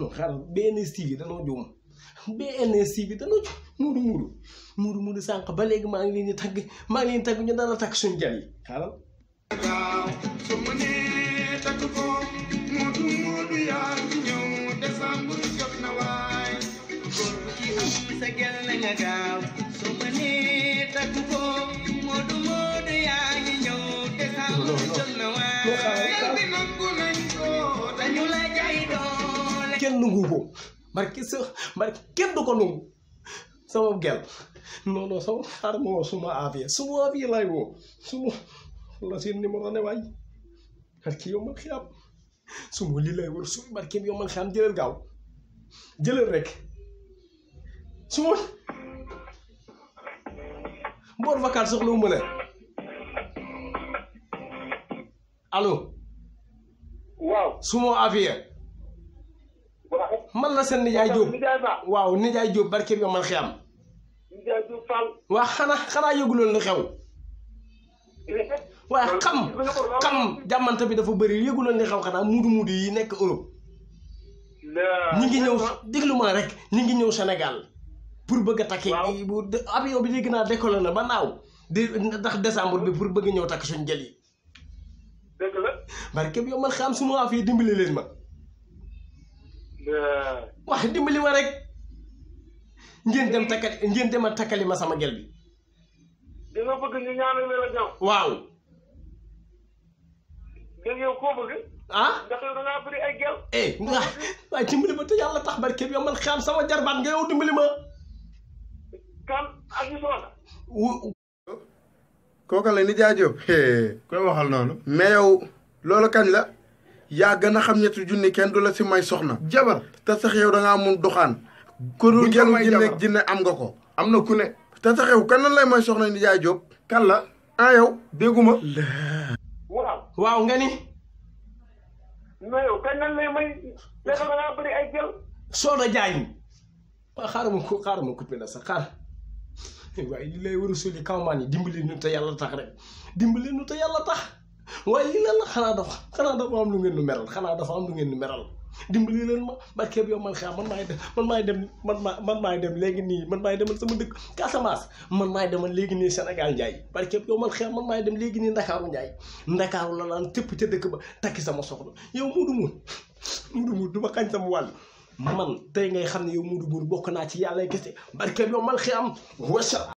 non xaaral BNS TV danoo juum BNS TV danoo juum muudu muudu muudu muudu sànq ba léegi maa ngi leen di tagg maa ngi leen di tagg ñu daan a tagg suñu jal yi xaaral. non non. kenn nangu ko barki sa barki ko nangu sama gel non non sama xaar moo suma avié suma avié laay woo suma la seen numéro ne waay barki yow man xiyaam suma lii lay war suñu barki yow man xiyaam jëlal gaaw jëlal rek suma mboor vacances soxla wu ma leen waaw suma avié. man la seen nijaay Diop waaw nijaay Diop barke bi man xiyam. nijaay Diop Fall. waa xanaa xanaa yëguloon lu xew. waaye xam xam jàmmante bi dafa bëri yëguloon li xew xanaa muudu muudu yi nekk Europe. ñi ngi ñëw déglu ma rek ñi ngi ñëw senegal pour bëgg a takki. bu avion bi léegi naa décollé ba naaw. di ndax décembre bi pour bëgg ñëw takk suñ jël yi. dëgg la. yow man xam suma waa fii dimbali ma. wax dimbali ma rek ngeen dem takkali ngeen dem ma sama gel bi. di nga bëgg ñu ñaanal la la jaw. koo bëgg. ah ndax yow da ngaa bëri eh, tax barke bi yombal xam sama jarbaat nga yow dimbali ma. kan ak ñu soxla. Eh, waxal noonu. mais loolu kañ la. yaa gën a xam ñetti junni kenn du la si may soxna. jabar te sax yow da ngaa mun doxaan. ku dul jinne jinne am nga ko. am na ku ne. te sax yow kan nan lay may soxna ni jaay Jóob. kan la ah yow waaw nga ni. mais yow lay may. mais ay jël. soxna jaay waaw lay war a soli kaw maa ni dimbali nu te yàlla tax rek dimbali nu te yàlla tax. waaye lii lan la xanaa dafa xanaa dafa am lu ngeen nu meral xanaa dafa am lu ngeen nu meral dimbali leen ma barke bi yow man xaa man maay dem man maay dem man maa man maay dem léegi nii man maay demal sama dëkk Casamance man maay demal léegi nii Sénégal Njaay barke bi yow man xaa man maay dem léegi nii Ndakaaru Njaay Ndakaaru la tëpp ca dëkk ba takki sama soxna yow du Mour Modou Mour du ma xañ sama wàll man tey ngay xam ne yow Modou Mour bokk naa ci yàlla kese barke bi yow man xaa